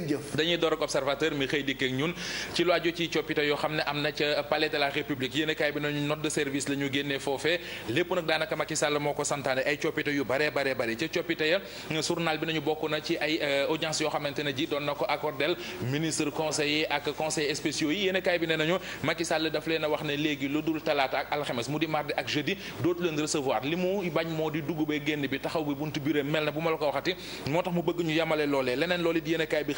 dañuy door ak observateur mi xëy dikk ak ñun ci lu yoo xam ne am na ca palais de la république yéen bi nañu note de service la ñu génnee lépp nag daanaka Macky moo ko santaane ay coppite yu bare bare bare ca coppite ya journal bi nañu bokk na ci ay euh, audience yoo xamante ne ji doon na ko accordel ministre conseiller ak conseillers spéciaux yi yéen bi ne nañu Macky Sall leen wax ne léegi lu dul talaata ak alxames mu di mardi ak jeudi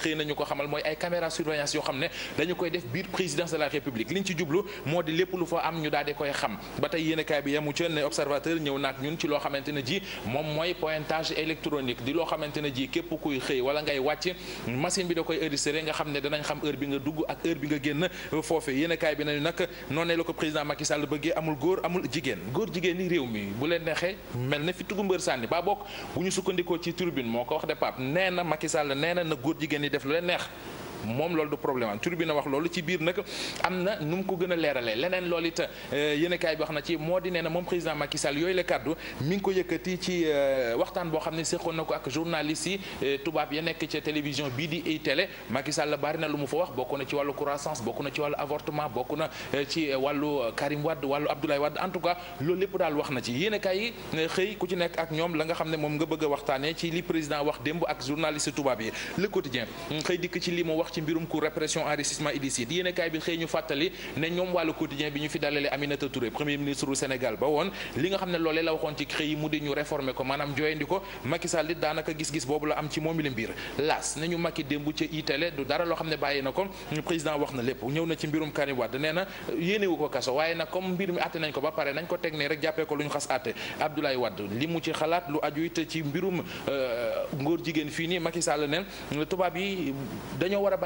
xëy nañu ko xamal mooy ay caméra surveillance yoo xam ne dañu koy def biir présidence de la république liñ ci jublu moo di lépp lu fa am ñu daal koy xam ba tey yéenekaay bi yamu ca ne observateur ñëw naak ñun ci loo xamante ne ji moom mooy pointage électronique di loo xamante ne ji képp kuy xëy wala ngay wàcc machine bi da koy enregistré nga xam ne danañ xam heure bi nga dugg ak heure bi nga génn foofe yéenekaay bi nañu nag noonee la ko président Macky def lu leen neex moom loolu du problème am turbine wax loolu ci biir nag am na nu mu ko gën a leeralee leneen loolu it euh, yéenekaay bi wax na ci moo di nee na moom président Macky Sall yooyu la kaddu mi ngi ko yëkkati ci euh, waxtaan boo xam ne séqoon na ko ak journaliste euh, tubaab ya nekk ca télévision bii di ay télé Macky Sall bari na lu mu fa wax bokk na ci wàllu croissance bokk na ci wàllu avortement bokk na ci wàllu Karim Wade wàllu Abdoulaye wadd en tout cas loolu lépp daal wax na ci yéenekaay yi ku ci nekk ak ñoom la nga xam ne moom nga bëgg a waxtaanee ci li président wax démb ak journaliste tubaab yi le quotidien ci li mu wax ci mbirum cour répression enrichissement illicite yéen kaay bi xëy ñu fàttali ne ñoom wàllu quotidien bi ñu fi dalalee Aminata Touré premier ministre Sénégal ba woon li nga xam ne loolee la waxoon ci xëy mu di ñu réformer ko maanaam jooyandi ko Macky Sall daanaka gis-gis boobu la am ci moomi la mbir las nañu Macky démb ca itale du dara loo xam ne bàyyi na ko président wax na lépp ñëw na ci mbirum Karim Wade nee na yéenewu ko kaso waaye nag comme mbir euh, a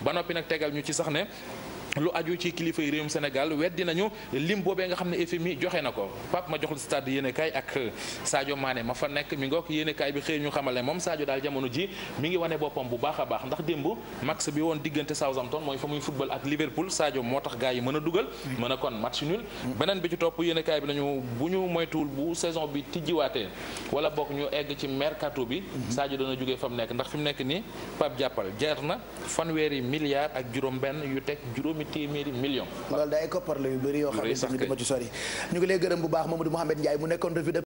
ba noppi nag tegal ñu ci sax ne lu aju ci kilifa yi réewum Sénégal weddi nañu lim boobee nga xam ne FMI na ko Pape ma joxul stade yéenekaay ak Sadio Mané ma fa nekk mi ngook yéenekaay bi xëy ñu xamal moom Sadio daal jamono ji mi ngi wane boppam bu baax a baax ndax démb max bi woon diggante Southampton mooy fa muy football ak Liverpool Sadio moo tax gars yi mën a dugal a kon match nul beneen bi ci topp yéenekaay bi nañu bu ñu moytuwul bu saison bi tijjiwaatee wala bokk ñu egg ci mercato bi Sadio dana jógee fa mu nekk ndax fi mu nekk nii Pape jàppal jar na fanweeri milliards ak juróom benn yu teg juróomi juróomi téeméeri million yu bëri yoo xam ne sax dama ñu ngi lay gërëm bu baax Mamadou Mouhamed Ndiaye mu nekkoon revue de